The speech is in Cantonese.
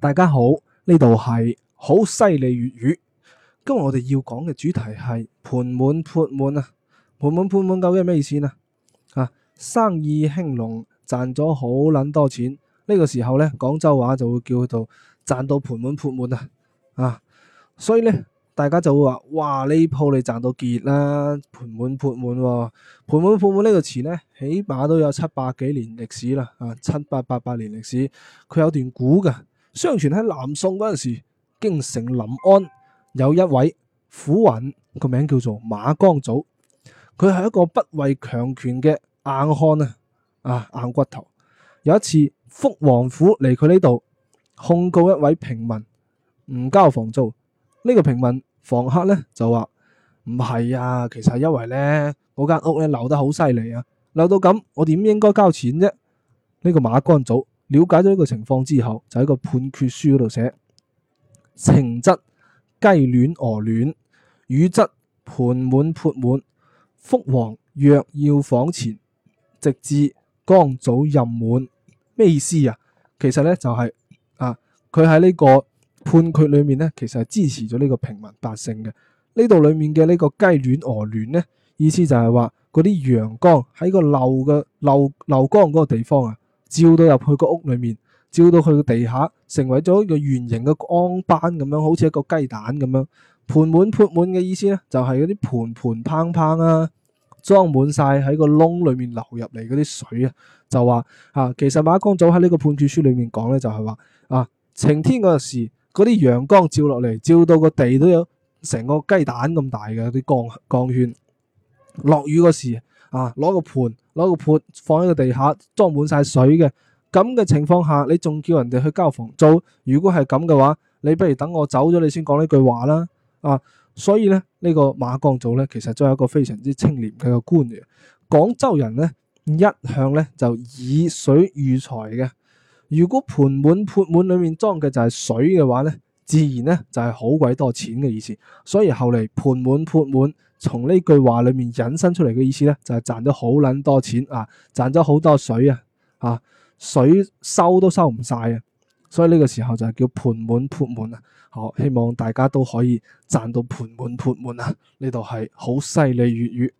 大家好，呢度係猴塞雷粵語。今日我哋要講嘅主題係盆滿缽滿啊！盆滿缽滿究竟係咩意思呢、啊？啊，生意興隆，賺咗好捻多錢呢、呢個時候呢，廣州話就會叫做賺到盆滿缽滿啊！啊，所以呢，大家就會話：，哇，呢鋪你賺到結啦，盆滿缽滿、哦。盆滿缽滿呢個詞呢，起碼都有七百幾年歷史啦，啊，七八八八年歷史，佢有段古噶。相傳喺南宋嗰陣時，京城臨安有一位府尹，個名叫做馬光祖，佢係一個不畏強權嘅硬漢啊！啊，硬骨頭。有一次，福王府嚟佢呢度控告一位平民唔交房租，呢個平民房客咧就話唔係啊，其實係因為咧嗰間屋咧漏得好犀利啊，漏到咁，我點應該交錢啫？呢個馬光祖。了解咗呢個情況之後，就喺個判決書嗰度寫：情則雞卵鵝卵，雨則盆滿缽滿，福王若要房錢，直至江祖任滿。咩意思啊？其實咧就係、是、啊，佢喺呢個判決裡面咧，其實係支持咗呢個平民百姓嘅。呢度裡面嘅呢個雞卵鵝卵咧，意思就係話嗰啲陽光喺個漏嘅漏漏光嗰個地方啊。照到入去個屋裏面，照到佢個地下，成為咗一個圓形嘅光斑咁樣，好似一個雞蛋咁樣。盆滿缽滿嘅意思咧，就係嗰啲盆盆缽缽啊，裝滿晒喺個窿裏面流入嚟嗰啲水啊，就話嚇、啊。其實馬光祖喺呢個判決書裏面講咧，就係話啊，晴天嗰時嗰啲陽光照落嚟，照到個地都有成個雞蛋咁大嘅啲光光圈。落雨嗰時。啊！攞個盆，攞個缽放喺個地下，裝滿晒水嘅咁嘅情況下，你仲叫人哋去交房租？如果係咁嘅話，你不如等我走咗，你先講呢句話啦。啊！所以咧，呢，呢個馬光祖咧，其實都係一個非常之清廉嘅一個官嘅。廣州人咧一向咧就以水喻財嘅。如果盆滿缽滿，裡面裝嘅就係水嘅話咧。自然咧就係好鬼多錢嘅意思，所以後嚟盆滿缽滿，從呢句話裏面引申出嚟嘅意思咧就係賺咗好撚多錢啊，賺咗好多水啊，啊水收都收唔晒啊。所以呢個時候就係叫盆滿缽滿啊。好，希望大家都可以賺到盆滿缽滿啊，呢度係好犀利粵語。